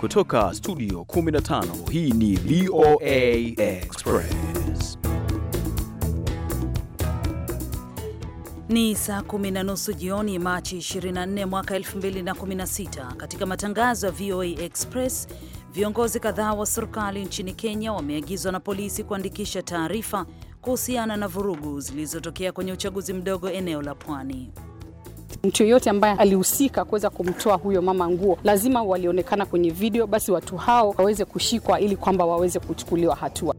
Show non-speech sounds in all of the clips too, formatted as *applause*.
Kutoka studio 15 hii ni VOA Express. Ni saa kumi na nusu jioni Machi 24 mwaka 2016. Katika matangazo ya VOA Express, viongozi kadhaa wa serikali nchini Kenya wameagizwa na polisi kuandikisha taarifa kuhusiana na vurugu zilizotokea kwenye uchaguzi mdogo eneo la Pwani. Mtu yeyote ambaye alihusika kuweza kumtoa huyo mama nguo, lazima walionekana kwenye video, basi watu hao waweze kushikwa ili kwamba waweze kuchukuliwa hatua.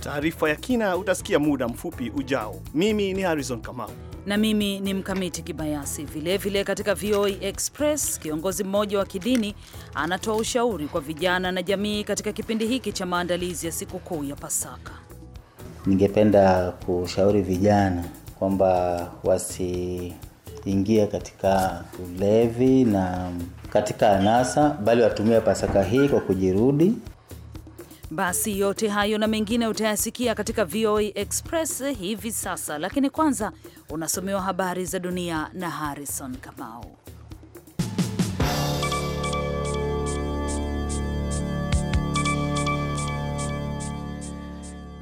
Taarifa ya kina utasikia muda mfupi ujao. Mimi ni harizon Kamau na mimi ni Mkamiti Kibayasi. Vilevile katika VOA e Express, kiongozi mmoja wa kidini anatoa ushauri kwa vijana na jamii katika kipindi hiki cha maandalizi ya sikukuu ya Pasaka. Ningependa kushauri vijana kwamba wasi ingia katika ulevi na katika anasa, bali watumia Pasaka hii kwa kujirudi. Basi yote hayo na mengine utayasikia katika VOA e Express hivi sasa, lakini kwanza unasomewa habari za dunia na Harrison Kamau.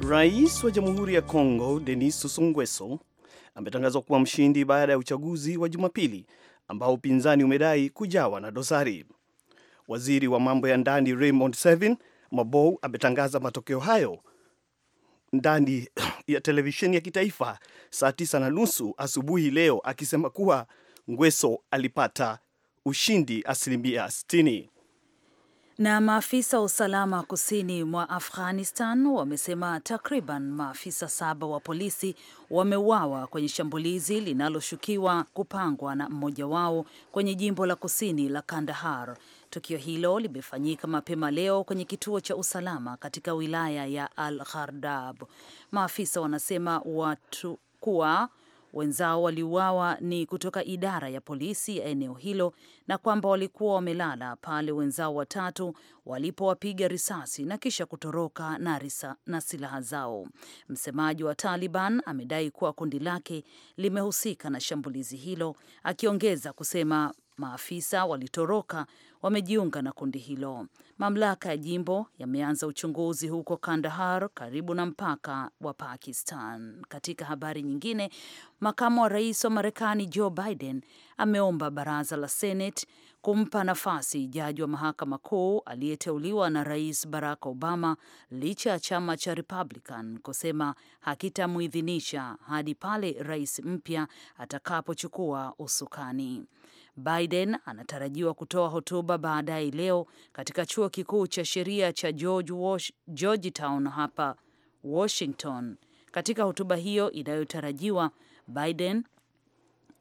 Rais wa Jamhuri ya Kongo Denis Sassou Nguesso ametangazwa kuwa mshindi baada ya uchaguzi wa Jumapili ambao upinzani umedai kujawa na dosari. Waziri wa mambo ya ndani Raymond Sevin Mabou ametangaza matokeo hayo ndani ya televisheni ya kitaifa saa tisa na nusu asubuhi leo akisema kuwa Ngweso alipata ushindi asilimia 60. Na maafisa wa usalama kusini mwa Afghanistan wamesema takriban maafisa saba wa polisi wameuawa kwenye shambulizi linaloshukiwa kupangwa na mmoja wao kwenye jimbo la kusini la Kandahar. Tukio hilo limefanyika mapema leo kwenye kituo cha usalama katika wilaya ya Al Ghardab. Maafisa wanasema watu kuwa wenzao waliuawa ni kutoka idara ya polisi ya eneo hilo, na kwamba walikuwa wamelala pale wenzao watatu walipowapiga risasi na kisha kutoroka na, risa, na silaha zao. Msemaji wa Taliban amedai kuwa kundi lake limehusika na shambulizi hilo, akiongeza kusema maafisa walitoroka wamejiunga na kundi hilo. Mamlaka ya jimbo yameanza uchunguzi huko Kandahar, karibu na mpaka wa Pakistan. Katika habari nyingine, makamu wa rais wa Marekani Joe Biden ameomba baraza la Senate kumpa nafasi jaji wa mahakama kuu aliyeteuliwa na Rais Barack Obama licha ya chama cha Republican kusema hakitamuidhinisha hadi pale rais mpya atakapochukua usukani. Biden anatarajiwa kutoa hotuba baadaye leo katika chuo kikuu cha sheria cha George Wash, Georgetown hapa Washington. Katika hotuba hiyo inayotarajiwa, Biden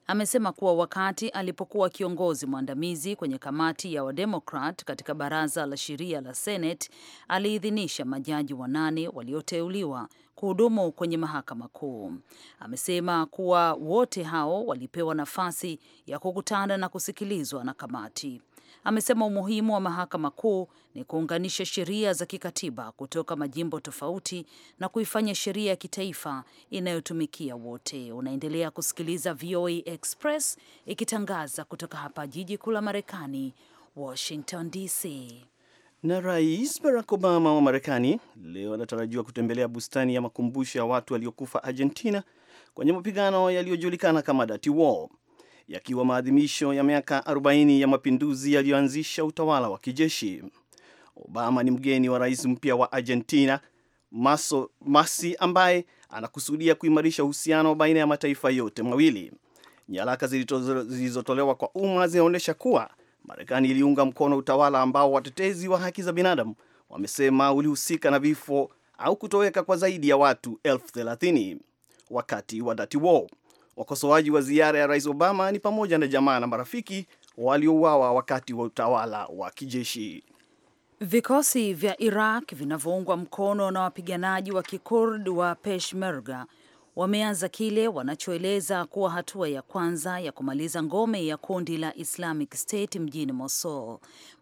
amesema kuwa wakati alipokuwa kiongozi mwandamizi kwenye kamati ya Wademokrat katika baraza la sheria la Senate aliidhinisha majaji wanane walioteuliwa kuhudumu kwenye mahakama kuu. Amesema kuwa wote hao walipewa nafasi ya kukutana na kusikilizwa na kamati. Amesema umuhimu wa mahakama kuu ni kuunganisha sheria za kikatiba kutoka majimbo tofauti na kuifanya sheria ya kitaifa inayotumikia wote. Unaendelea kusikiliza VOA Express ikitangaza kutoka hapa jiji kuu la Marekani, Washington DC. Na Rais Barack Obama wa Marekani leo anatarajiwa kutembelea bustani ya makumbusho ya watu waliokufa Argentina kwenye mapigano yaliyojulikana kama Dirty War, yakiwa maadhimisho ya miaka 40 ya mapinduzi yaliyoanzisha utawala wa kijeshi. Obama ni mgeni wa rais mpya wa Argentina Maso, Masi ambaye anakusudia kuimarisha uhusiano baina ya mataifa yote mawili. Nyaraka zilizotolewa kwa umma zinaonyesha kuwa Marekani iliunga mkono utawala ambao watetezi wa haki za binadamu wamesema ulihusika na vifo au kutoweka kwa zaidi ya watu elfu thelathini wakati wa dati wo. Wakosoaji wa ziara ya rais Obama ni pamoja na jamaa na marafiki waliouawa wakati wa utawala wa kijeshi. Vikosi vya Iraq vinavyoungwa mkono na wapiganaji wa Kikurd wa Peshmerga wameanza kile wanachoeleza kuwa hatua ya kwanza ya kumaliza ngome ya kundi la Islamic State mjini Mosul.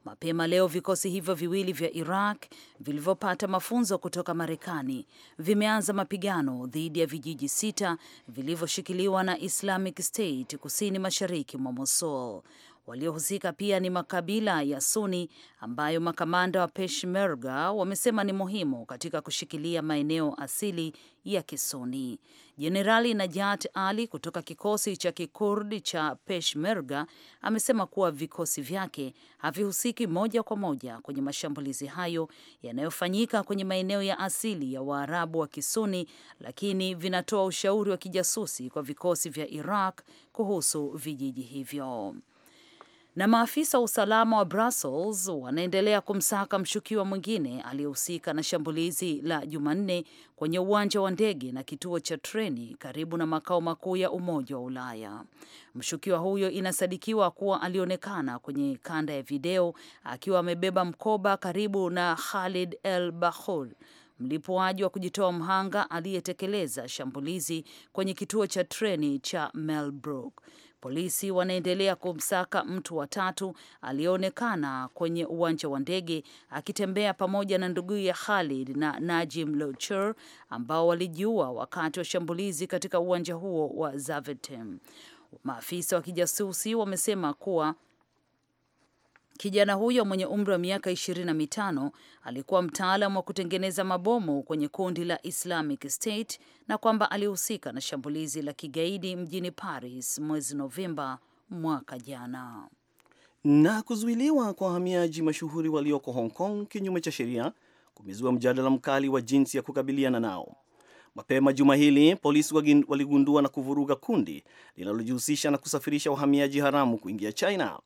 Mapema leo vikosi hivyo viwili vya Iraq vilivyopata mafunzo kutoka Marekani vimeanza mapigano dhidi ya vijiji sita vilivyoshikiliwa na Islamic State kusini mashariki mwa Mosul. Waliohusika pia ni makabila ya Suni ambayo makamanda wa Peshmerga wamesema ni muhimu katika kushikilia maeneo asili ya Kisuni. Jenerali Najat Ali kutoka kikosi cha kikurdi cha Peshmerga amesema kuwa vikosi vyake havihusiki moja kwa moja kwenye mashambulizi hayo yanayofanyika kwenye maeneo ya asili ya Waarabu wa Kisuni, lakini vinatoa ushauri wa kijasusi kwa vikosi vya Iraq kuhusu vijiji hivyo. Na maafisa wa usalama wa Brussels wanaendelea kumsaka mshukiwa mwingine aliyehusika na shambulizi la Jumanne kwenye uwanja wa ndege na kituo cha treni karibu na makao makuu ya Umoja wa Ulaya. Mshukiwa huyo inasadikiwa kuwa alionekana kwenye kanda ya video akiwa amebeba mkoba karibu na Khalid El Bahul, mlipuaji wa kujitoa mhanga aliyetekeleza shambulizi kwenye kituo cha treni cha Melbrook. Polisi wanaendelea kumsaka mtu wa tatu aliyeonekana kwenye uwanja wa ndege akitembea pamoja na ndugu ya Khalid na Najim Lochur ambao walijiua wakati wa shambulizi katika uwanja huo wa Zaventem. Maafisa wa kijasusi wamesema kuwa Kijana huyo mwenye umri wa miaka ishirini na mitano alikuwa mtaalam wa kutengeneza mabomu kwenye kundi la Islamic State na kwamba alihusika na shambulizi la kigaidi mjini Paris mwezi Novemba mwaka jana. Na kuzuiliwa kwa wahamiaji mashuhuri walioko Hong Kong kinyume cha sheria kumezua mjadala mkali wa jinsi ya kukabiliana nao. Mapema juma hili polisi waligundua na kuvuruga kundi linalojihusisha na kusafirisha wahamiaji haramu kuingia China.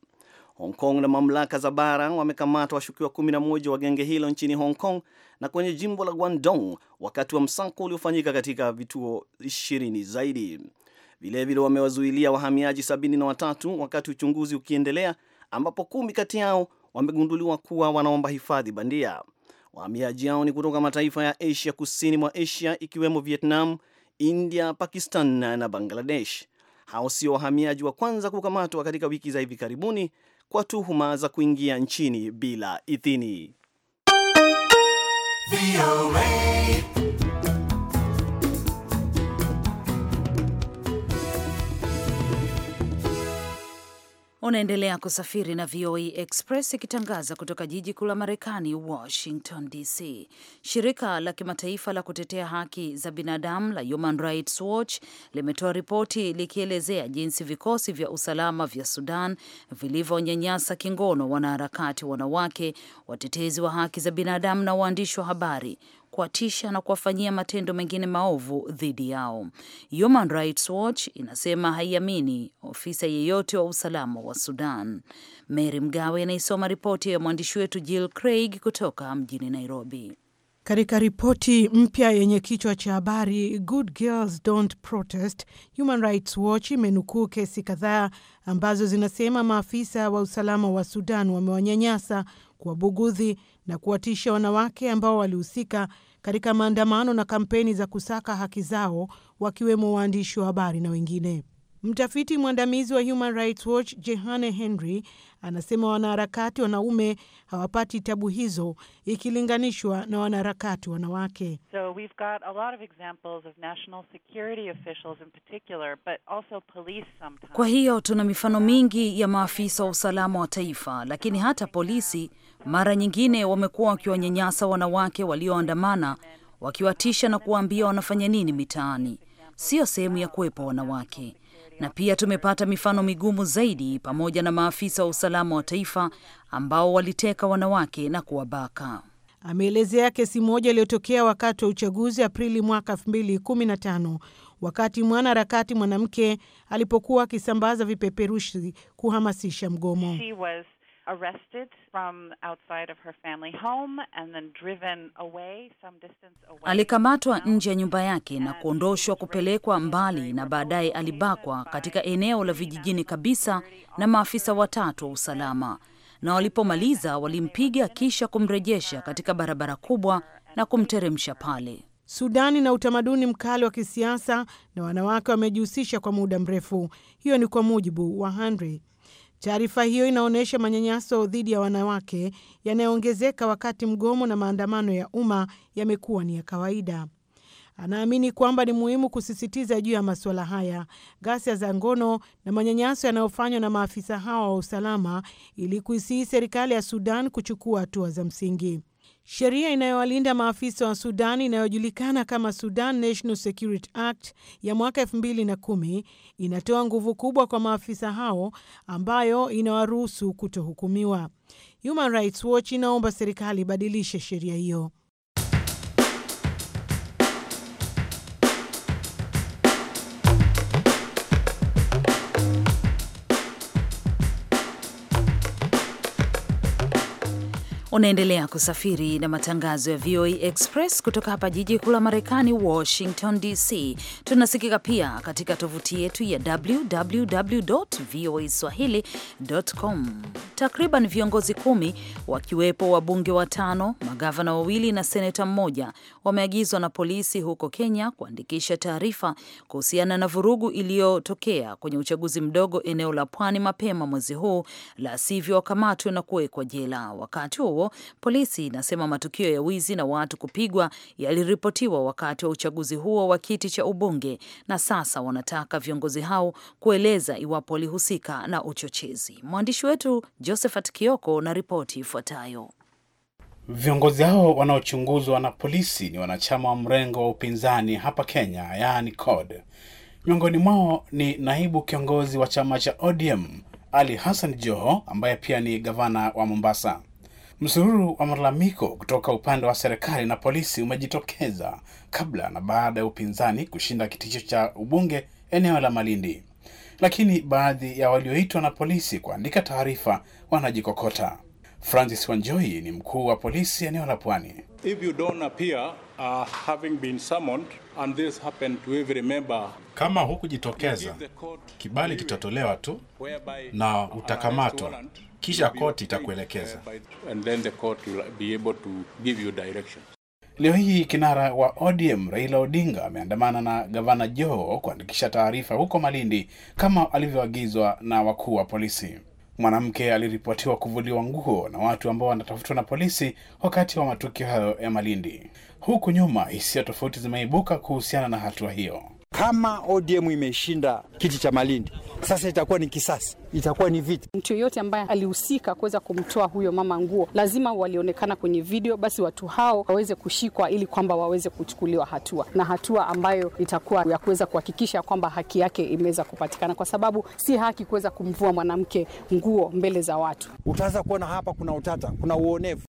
Hong Kong na mamlaka za bara wamekamata washukiwa 11 wa genge hilo nchini Hong Kong na kwenye jimbo la Guangdong wakati wa msako uliofanyika katika vituo 20 zaidi. Vilevile wamewazuilia wahamiaji sabini na watatu wakati uchunguzi ukiendelea, ambapo kumi kati yao wamegunduliwa kuwa wanaomba hifadhi bandia. Wahamiaji hao ni kutoka mataifa ya Asia kusini mwa Asia ikiwemo Vietnam, India, Pakistan na Bangladesh. Hao sio wahamiaji wa kwanza kukamatwa katika wiki za hivi karibuni, kwa tuhuma za kuingia nchini bila idhini. Unaendelea kusafiri na VOA e Express ikitangaza kutoka jiji kuu la Marekani, Washington DC. Shirika la kimataifa la kutetea haki za binadamu la Human Rights Watch limetoa ripoti likielezea jinsi vikosi vya usalama vya Sudan vilivyonyanyasa kingono wanaharakati wanawake, watetezi wa haki za binadamu na waandishi wa habari kuwatisha na kuwafanyia matendo mengine maovu dhidi yao. Human Rights Watch inasema haiamini ofisa yeyote wa usalama wa Sudan. Mary Mgawe anaisoma ripoti ya mwandishi wetu Jill Craig kutoka mjini Nairobi. Katika ripoti mpya yenye kichwa cha habari Good Girls Don't Protest, Human Rights Watch imenukuu kesi kadhaa ambazo zinasema maafisa wa usalama wa Sudan wamewanyanyasa kuwabugudhi na kuwatisha wanawake ambao walihusika katika maandamano na kampeni za kusaka haki zao, wakiwemo waandishi wa habari na wengine. Mtafiti mwandamizi wa Human Rights Watch Jehane Henry anasema wanaharakati wanaume hawapati tabu hizo ikilinganishwa na wanaharakati wanawake. So we've got a lot of examples of national security officials in particular, but also police sometimes. Kwa hiyo tuna mifano mingi ya maafisa wa usalama wa taifa, lakini hata polisi mara nyingine wamekuwa wakiwanyanyasa wanawake walioandamana, wakiwatisha na kuwaambia wanafanya nini mitaani, siyo sehemu ya kuwepo wanawake. Na pia tumepata mifano migumu zaidi, pamoja na maafisa wa usalama wa taifa ambao waliteka wanawake na kuwabaka. Ameelezea kesi moja iliyotokea wakati wa uchaguzi Aprili mwaka 2015 wakati mwanaharakati mwanamke alipokuwa akisambaza vipeperushi kuhamasisha mgomo. She was arrested from outside of her family home and then driven away some distance away. Alikamatwa nje ya nyumba yake na kuondoshwa kupelekwa mbali, na baadaye alibakwa katika eneo la vijijini kabisa na maafisa watatu wa usalama, na walipomaliza walimpiga kisha kumrejesha katika barabara kubwa na kumteremsha pale. Sudani na utamaduni mkali wa kisiasa na wanawake wamejihusisha kwa muda mrefu. Hiyo ni kwa mujibu wa Henry. Taarifa hiyo inaonyesha manyanyaso dhidi ya wanawake yanayoongezeka wakati mgomo na maandamano ya umma yamekuwa ni ya kawaida. Anaamini kwamba ni muhimu kusisitiza juu ya masuala haya, ghasia za ngono na manyanyaso yanayofanywa na maafisa hawa wa usalama, ili kuisihi serikali ya Sudan kuchukua hatua za msingi. Sheria inayowalinda maafisa wa Sudan inayojulikana kama Sudan National Security Act ya mwaka 2010 inatoa nguvu kubwa kwa maafisa hao ambayo inawaruhusu kutohukumiwa. Human Rights Watch inaomba serikali ibadilishe sheria hiyo. Unaendelea kusafiri na matangazo ya VOA Express kutoka hapa jiji kuu la Marekani, Washington DC. Tunasikika pia katika tovuti yetu ya www voa swahili.com. Takriban viongozi kumi wakiwepo wabunge watano, magavana wawili na seneta mmoja wameagizwa na polisi huko Kenya kuandikisha taarifa kuhusiana na vurugu iliyotokea kwenye uchaguzi mdogo eneo la pwani mapema mwezi huu, la sivyo wakamatwe na kuwekwa jela wakati wa huo, polisi inasema matukio ya wizi na watu kupigwa yaliripotiwa wakati wa uchaguzi huo wa kiti cha ubunge, na sasa wanataka viongozi hao kueleza iwapo walihusika na uchochezi. Mwandishi wetu Josephat Kioko na ripoti ifuatayo. Viongozi hao wanaochunguzwa na polisi ni wanachama wa mrengo wa upinzani hapa Kenya, yaani CORD. Miongoni mwao ni naibu kiongozi wa chama cha ODM Ali Hassan Joho ambaye pia ni gavana wa Mombasa. Msururu wa malalamiko kutoka upande wa serikali na polisi umejitokeza kabla na baada ya upinzani kushinda kiti hicho cha ubunge eneo la Malindi, lakini baadhi ya walioitwa na polisi kuandika taarifa wanajikokota. Francis wanjoi ni mkuu wa polisi eneo la Pwani. If you don't appear, uh, having been summoned, and this happened to every member, kama hukujitokeza kibali kitatolewa tu na utakamatwa kisha koti itakuelekeza. Uh, Leo hii kinara wa ODM Raila Odinga ameandamana na gavana Joho kuandikisha taarifa huko Malindi kama alivyoagizwa na wakuu wa polisi. Mwanamke aliripotiwa kuvuliwa nguo na watu ambao wanatafutwa na polisi wakati wa matukio hayo ya Malindi. Huku nyuma, hisia tofauti zimeibuka kuhusiana na hatua hiyo. Kama ODM imeshinda kiti cha Malindi, sasa itakuwa ni kisasi, itakuwa ni vita. Mtu yeyote ambaye alihusika kuweza kumtoa huyo mama nguo, lazima walionekana kwenye video, basi watu hao waweze kushikwa ili kwamba waweze kuchukuliwa hatua, na hatua ambayo itakuwa ya kuweza kuhakikisha kwamba haki yake imeweza kupatikana, kwa sababu si haki kuweza kumvua mwanamke nguo mbele za watu. Utaanza kuona hapa kuna utata, kuna uonevu.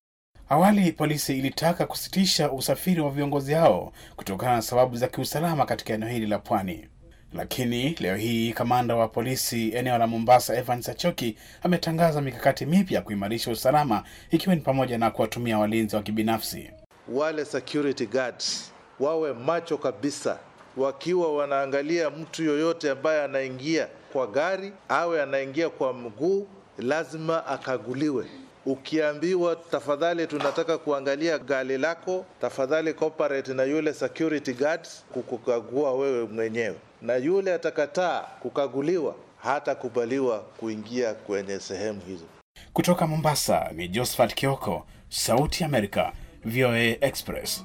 Awali polisi ilitaka kusitisha usafiri wa viongozi hao kutokana na sababu za kiusalama katika eneo hili la pwani, lakini leo hii kamanda wa polisi eneo la Mombasa Evans Achoki ametangaza mikakati mipya ya kuimarisha usalama ikiwa ni pamoja na kuwatumia walinzi wa kibinafsi. Wale security guards wawe macho kabisa, wakiwa wanaangalia mtu yoyote ambaye anaingia kwa gari awe anaingia kwa mguu, lazima akaguliwe. Ukiambiwa tafadhali, tunataka kuangalia gari lako, tafadhali cooperate na yule security guards kukukagua wewe mwenyewe, na yule atakataa kukaguliwa hatakubaliwa kuingia kwenye sehemu hizo. Kutoka Mombasa ni Josephat Kioko, Sauti ya Amerika, VOA Express.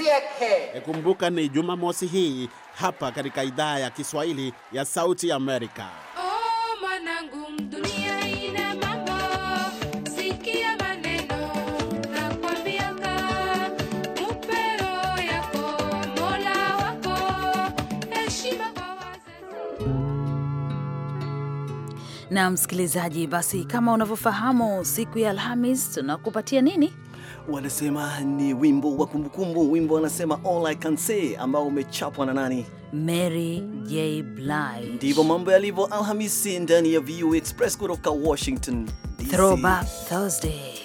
yake. Kumbuka ni Jumamosi hii hapa katika idhaa ya Kiswahili ya Sauti ya Amerika. na msikilizaji, basi kama unavyofahamu, siku ya Alhamis tunakupatia nini? wanasema ni wimbo wa kumbukumbu, wimbo wanasema All I Can Say ambao umechapwa na nani? Mary J Blige. Ndivyo mambo yalivyo Alhamisi ndani ya VOA Express kutoka Washington DC. Throwback Thursday.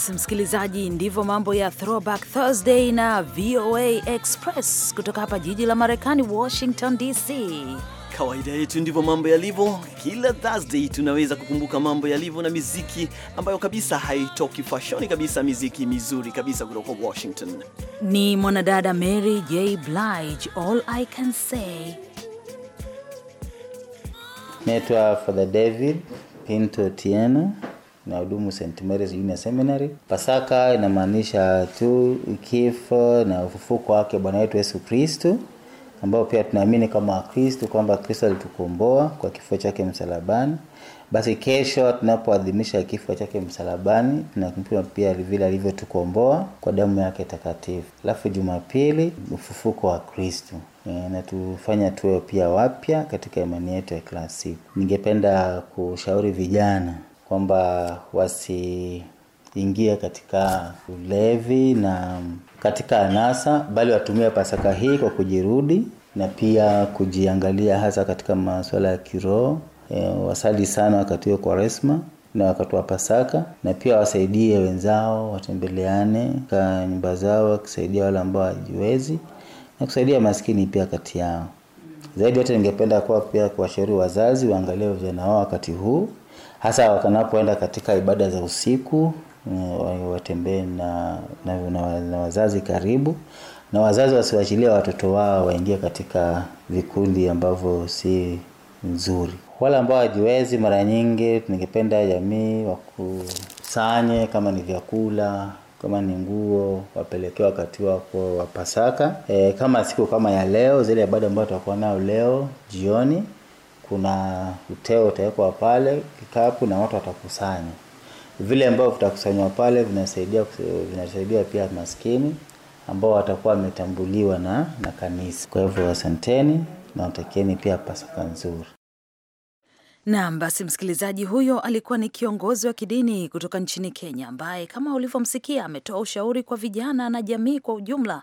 basi msikilizaji, ndivyo mambo ya Throwback Thursday na VOA Express kutoka hapa jiji la Marekani, Washington DC. Kawaida yetu ndivyo mambo yalivyo. Kila Thursday tunaweza kukumbuka mambo yalivyo na miziki ambayo kabisa haitoki fashoni kabisa, miziki mizuri kabisa kutoka Washington. Ni mwanadada Mary J Blige, All I Can Say. Naitwa Father David Pinto Tieno nahudumu St Mary's Junior Seminary. Pasaka inamaanisha tu kifo na ufufuko wake Bwana wetu Yesu kristu ambao pia tunaamini kama Wakristo kwamba Kristo alitukomboa kwa kifo chake msalabani. Basi kesho tunapoadhimisha kifo chake msalabani, tunakumbuka pia vile alivyotukomboa kwa damu yake takatifu. Alafu Jumapili, ufufuko wa Kristo e, natufanya tuwe pia wapya katika imani yetu ya kila siku. Ningependa kushauri vijana kwamba wasiingie katika ulevi na katika anasa, bali watumie Pasaka hii kwa kujirudi na pia kujiangalia, hasa katika masuala ya kiroho. E, wasali sana wakati kwa resma na wakati wa Pasaka, na pia wasaidie wenzao, watembeleane ka nyumba zao, wakisaidia wale ambao wajiwezi na kusaidia maskini pia kati yao. Zaidi yote, ningependa kuwa pia kuwashauri wazazi waangalie vijana wao wakati huu hasa wanapoenda katika ibada za usiku watembee na, na, na, na wazazi karibu na wazazi wasiwachilie watoto wao waingie katika vikundi ambavyo si nzuri. Wale ambao wajiwezi mara nyingi ningependa jamii wakusanye, kama ni vyakula, kama ni nguo, wapelekea wakati wako wa E, kama siku kama ya leo, zile ibada ambayo tutakuwa nao leo jioni kuna uteo utawekwa pale, kikapu na watu watakusanya. Vile ambavyo vitakusanywa pale vinasaidia vinasaidia pia maskini ambao watakuwa wametambuliwa na, na kanisa. Kwa hivyo asanteni na watakieni pia Pasaka nzuri. Naam, basi msikilizaji huyo alikuwa ni kiongozi wa kidini kutoka nchini Kenya ambaye kama ulivyomsikia ametoa ushauri kwa vijana na jamii kwa ujumla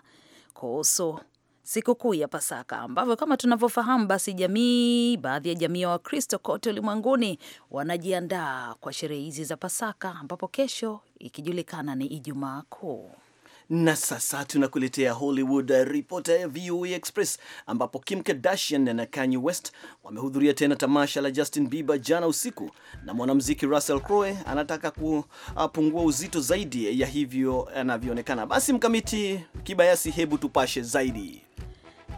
kuhusu sikukuu ya Pasaka, ambavyo kama tunavyofahamu, basi jamii, baadhi ya jamii ya Wakristo kote ulimwenguni wanajiandaa kwa sherehe hizi za Pasaka, ambapo kesho ikijulikana ni Ijumaa Kuu. Na sasa tunakuletea Hollywood ripota ya VOA Express, ambapo Kim Kardashian na Kanye West wamehudhuria tena tamasha la Justin Bieber jana usiku, na mwanamuziki Russell Crowe anataka kupungua uh, uzito zaidi ya hivyo anavyoonekana. Basi mkamiti kibayasi, hebu tupashe zaidi.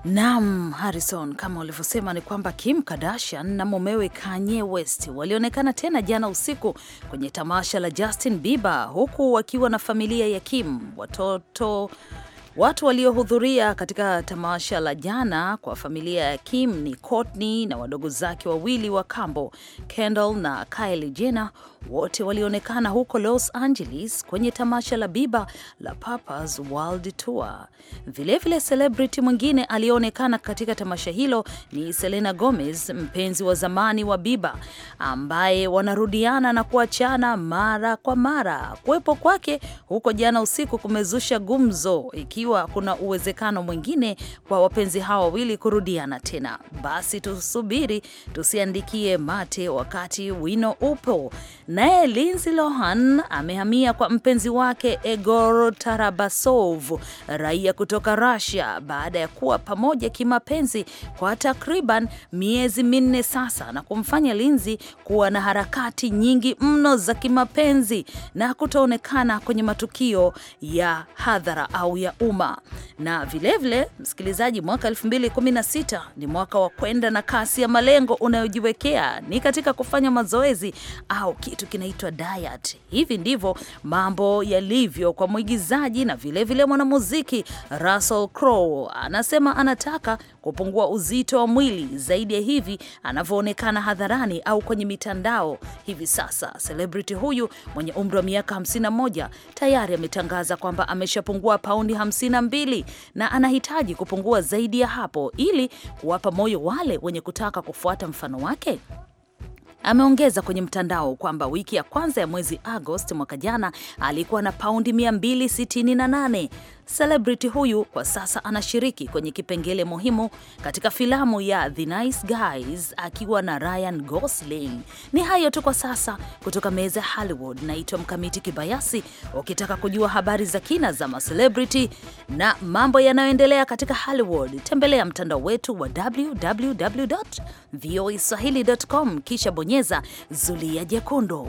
Naam, Harrison, kama ulivyosema ni kwamba Kim Kardashian na mumewe Kanye West walionekana tena jana usiku kwenye tamasha la Justin Bieber huku wakiwa na familia ya Kim, watoto Watu waliohudhuria katika tamasha la jana kwa familia ya Kim ni Kourtney na wadogo zake wawili wa kambo Kendall na Kylie Jenner, wote walionekana huko Los Angeles kwenye tamasha la biba la Papa's World Tour. Vilevile, celebrity mwingine aliyeonekana katika tamasha hilo ni Selena Gomez, mpenzi wa zamani wa biba ambaye wanarudiana na kuachana mara kwa mara. Kuwepo kwake huko jana usiku kumezusha gumzo ikiwa kuna uwezekano mwingine kwa wapenzi hawa wawili kurudiana tena. Basi tusubiri tusiandikie mate wakati wino upo. Naye Lindsay Lohan amehamia kwa mpenzi wake Egor Tarabasov, raia kutoka Russia, baada ya kuwa pamoja kimapenzi kwa takriban miezi minne sasa, na kumfanya Lindsay kuwa na harakati nyingi mno za kimapenzi na kutoonekana kwenye matukio ya hadhara au ya umma. Na vilevile vile, msikilizaji, mwaka 2016 ni mwaka wa kwenda na kasi ya malengo unayojiwekea, ni katika kufanya mazoezi au kitu kitu kinaitwa diet. Hivi ndivyo mambo yalivyo kwa mwigizaji na vilevile mwanamuziki Russell Crowe. Anasema anataka kupungua uzito wa mwili zaidi ya hivi anavyoonekana hadharani au kwenye mitandao hivi sasa. Celebrity huyu mwenye umri wa miaka 51 tayari ametangaza kwamba ameshapungua paundi 52 na anahitaji kupungua zaidi ya hapo ili kuwapa moyo wale wenye kutaka kufuata mfano wake. Ameongeza kwenye mtandao kwamba wiki ya kwanza ya mwezi Agosti mwaka jana alikuwa na paundi 268. Celebrity huyu kwa sasa anashiriki kwenye kipengele muhimu katika filamu ya The Nice Guys akiwa na Ryan Gosling. Ni hayo tu kwa sasa kutoka meza ya Hollywood. Naitwa Mkamiti Kibayasi. Ukitaka kujua habari za kina za macelebrity na mambo yanayoendelea katika Hollywood, tembelea mtandao wetu wa www voaswahili.com, kisha bonyeza zulia jekundu.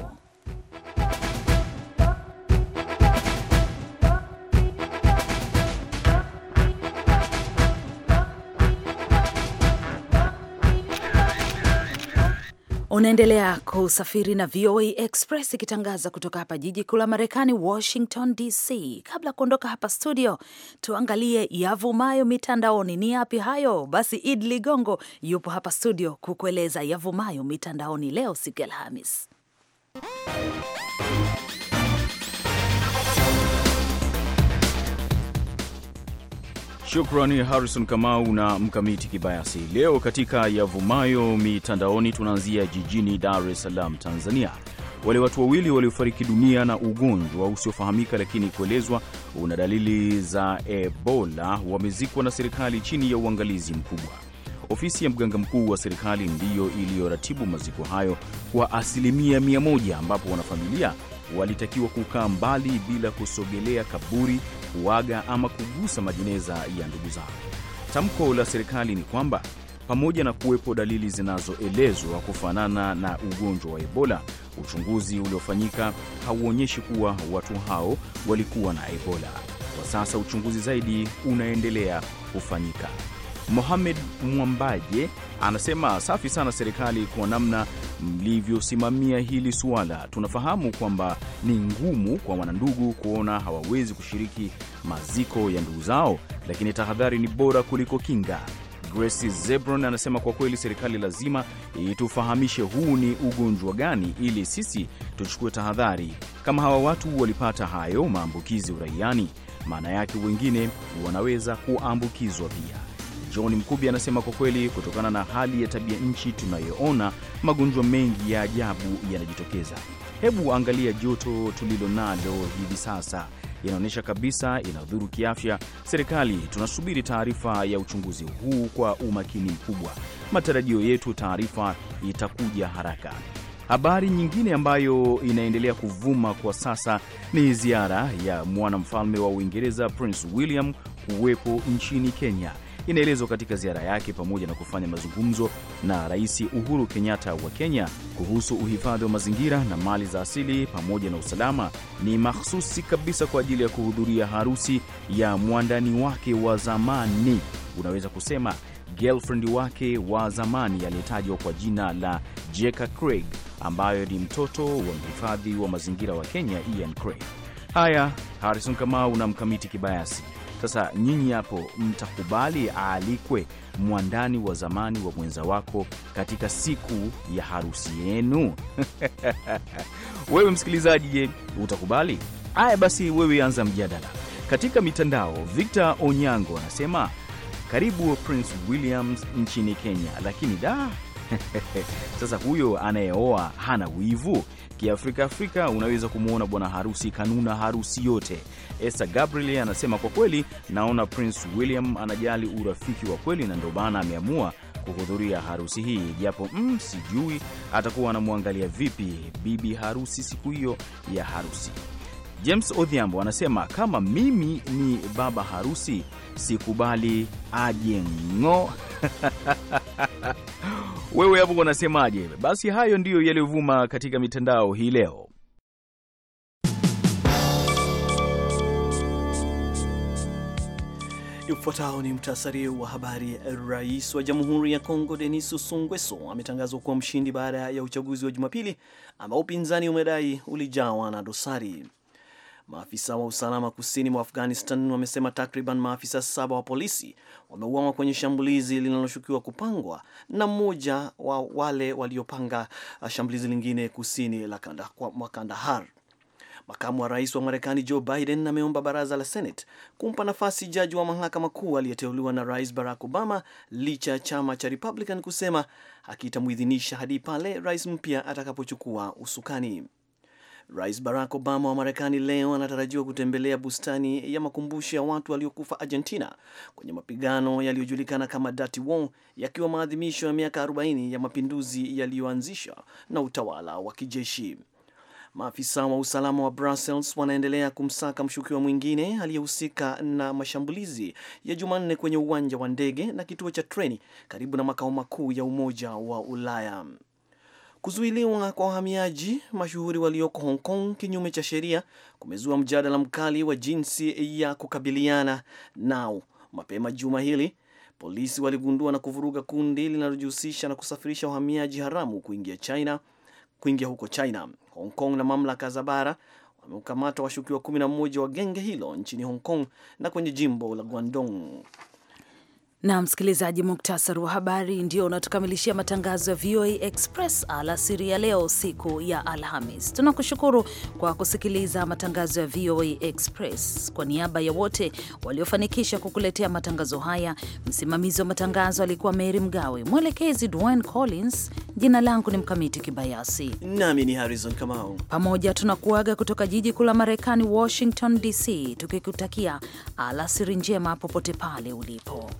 Unaendelea kusafiri na VOA Express ikitangaza kutoka hapa jiji kuu la Marekani, Washington DC. Kabla ya kuondoka hapa studio, tuangalie yavumayo mitandaoni. Ni yapi hayo? Basi id Ligongo yupo hapa studio kukueleza yavumayo mitandaoni leo, siku ya Alhamis. Shukrani Harrison Kamau na Mkamiti Kibayasi. Leo katika yavumayo mitandaoni, tunaanzia jijini Dar es Salaam, Tanzania. Wale watu wawili waliofariki dunia na ugonjwa usiofahamika lakini kuelezwa una dalili za Ebola wamezikwa na serikali chini ya uangalizi mkubwa. Ofisi ya mganga mkuu wa serikali ndiyo iliyoratibu maziko hayo kwa asilimia mia moja, ambapo wanafamilia walitakiwa kukaa mbali bila kusogelea kaburi kuaga ama kugusa majeneza ya ndugu zao. Tamko la serikali ni kwamba pamoja na kuwepo dalili zinazoelezwa kufanana na ugonjwa wa Ebola, uchunguzi uliofanyika hauonyeshi kuwa watu hao walikuwa na Ebola. Kwa sasa uchunguzi zaidi unaendelea kufanyika. Mohamed Mwambaje anasema safi sana serikali kwa namna mlivyosimamia hili suala. Tunafahamu kwamba ni ngumu kwa wanandugu kuona hawawezi kushiriki maziko ya ndugu zao, lakini tahadhari ni bora kuliko kinga. Grace Zebron anasema kwa kweli serikali lazima itufahamishe huu ni ugonjwa gani, ili sisi tuchukue tahadhari. Kama hawa watu walipata hayo maambukizi uraiani, maana yake wengine wanaweza kuambukizwa pia. John Mkubi anasema kwa kweli, kutokana na hali ya tabia nchi tunayoona, magonjwa mengi ya ajabu yanajitokeza. Hebu angalia joto tulilonalo hivi sasa, inaonyesha kabisa inadhuru kiafya. Serikali tunasubiri taarifa ya uchunguzi huu kwa umakini mkubwa. Matarajio yetu taarifa itakuja haraka. Habari nyingine ambayo inaendelea kuvuma kwa sasa ni ziara ya mwanamfalme wa Uingereza Prince William kuwepo nchini Kenya. Inaelezwa katika ziara yake pamoja na kufanya mazungumzo na Rais Uhuru Kenyatta wa Kenya kuhusu uhifadhi wa mazingira na mali za asili pamoja na usalama, ni mahsusi kabisa kwa ajili ya kuhudhuria harusi ya mwandani wake wa zamani, unaweza kusema girlfriend wake wa zamani aliyetajwa kwa jina la Jeka Craig, ambayo ni mtoto wa mhifadhi wa mazingira wa Kenya Ian Craig. Haya, Harrison Kamau na Mkamiti Kibayasi sasa nyinyi hapo mtakubali aalikwe mwandani wa zamani wa mwenza wako katika siku ya harusi yenu? *laughs* Wewe msikilizaji, je, utakubali? Aya, basi wewe anza mjadala katika mitandao. Victor Onyango anasema karibu Prince Williams nchini Kenya, lakini da *laughs* sasa huyo anayeoa hana wivu? Kiafrika Afrika unaweza kumwona bwana harusi kanuna harusi yote. esa Gabriel anasema kwa kweli, naona Prince William anajali urafiki wa kweli, na ndo maana ameamua kuhudhuria harusi hii, japo mm, sijui atakuwa anamwangalia vipi bibi harusi siku hiyo ya harusi. James Odhiambo anasema kama mimi ni baba harusi sikubali aje ngo *laughs* Wewe hapo wanasemaje? Basi hayo ndiyo yaliyovuma katika mitandao hii leo. Ufuatao ni mtasari wa habari. Rais wa Jamhuri ya Kongo Denis Sungweso ametangazwa kuwa mshindi baada ya uchaguzi wa Jumapili ambao upinzani umedai ulijawa na dosari. Maafisa wa usalama kusini mwa Afghanistan wamesema takriban maafisa saba wa polisi wameuawa kwenye shambulizi linaloshukiwa kupangwa na mmoja wa wale waliopanga uh, shambulizi lingine kusini mwa Kandahar. Makamu wa rais wa Marekani Joe Biden ameomba baraza la Senate kumpa nafasi jaji wa mahakama kuu aliyeteuliwa na Rais Barack Obama licha ya chama cha Republican kusema hakitamwidhinisha hadi pale rais mpya atakapochukua usukani. Rais Barack Obama wa Marekani leo anatarajiwa kutembelea bustani ya makumbusho ya watu waliokufa Argentina kwenye mapigano yaliyojulikana kama Dirty War, yakiwa maadhimisho ya miaka 40 ya mapinduzi yaliyoanzishwa na utawala wa kijeshi. Maafisa wa usalama wa Brussels wanaendelea kumsaka mshukiwa mwingine aliyehusika na mashambulizi ya Jumanne kwenye uwanja wa ndege na kituo cha treni karibu na makao makuu ya Umoja wa Ulaya. Kuzuiliwa kwa wahamiaji mashuhuri walioko Hong Kong kinyume cha sheria kumezua mjadala mkali wa jinsi ya kukabiliana nao. Mapema juma hili polisi waligundua na kuvuruga kundi linalojihusisha na kusafirisha wahamiaji haramu kuingia China, kuingia huko China. Hong Kong na mamlaka za bara wamekamata washukiwa 11 wa genge hilo nchini Hong Kong na kwenye jimbo la Guangdong. Na msikilizaji, muktasari wa habari ndio unatukamilishia matangazo ya VOA Express alasiri ya leo, siku ya Alhamis. Tunakushukuru kwa kusikiliza matangazo ya VOA Express. Kwa niaba ya wote waliofanikisha kukuletea matangazo haya, msimamizi wa matangazo alikuwa Mary Mgawe, mwelekezi Dwayne Collins. Jina langu ni Mkamiti Kibayasi nami ni Harrison Kamau. Pamoja tunakuaga kutoka jiji kuu la Marekani, Washington DC, tukikutakia alasiri njema popote pale ulipo.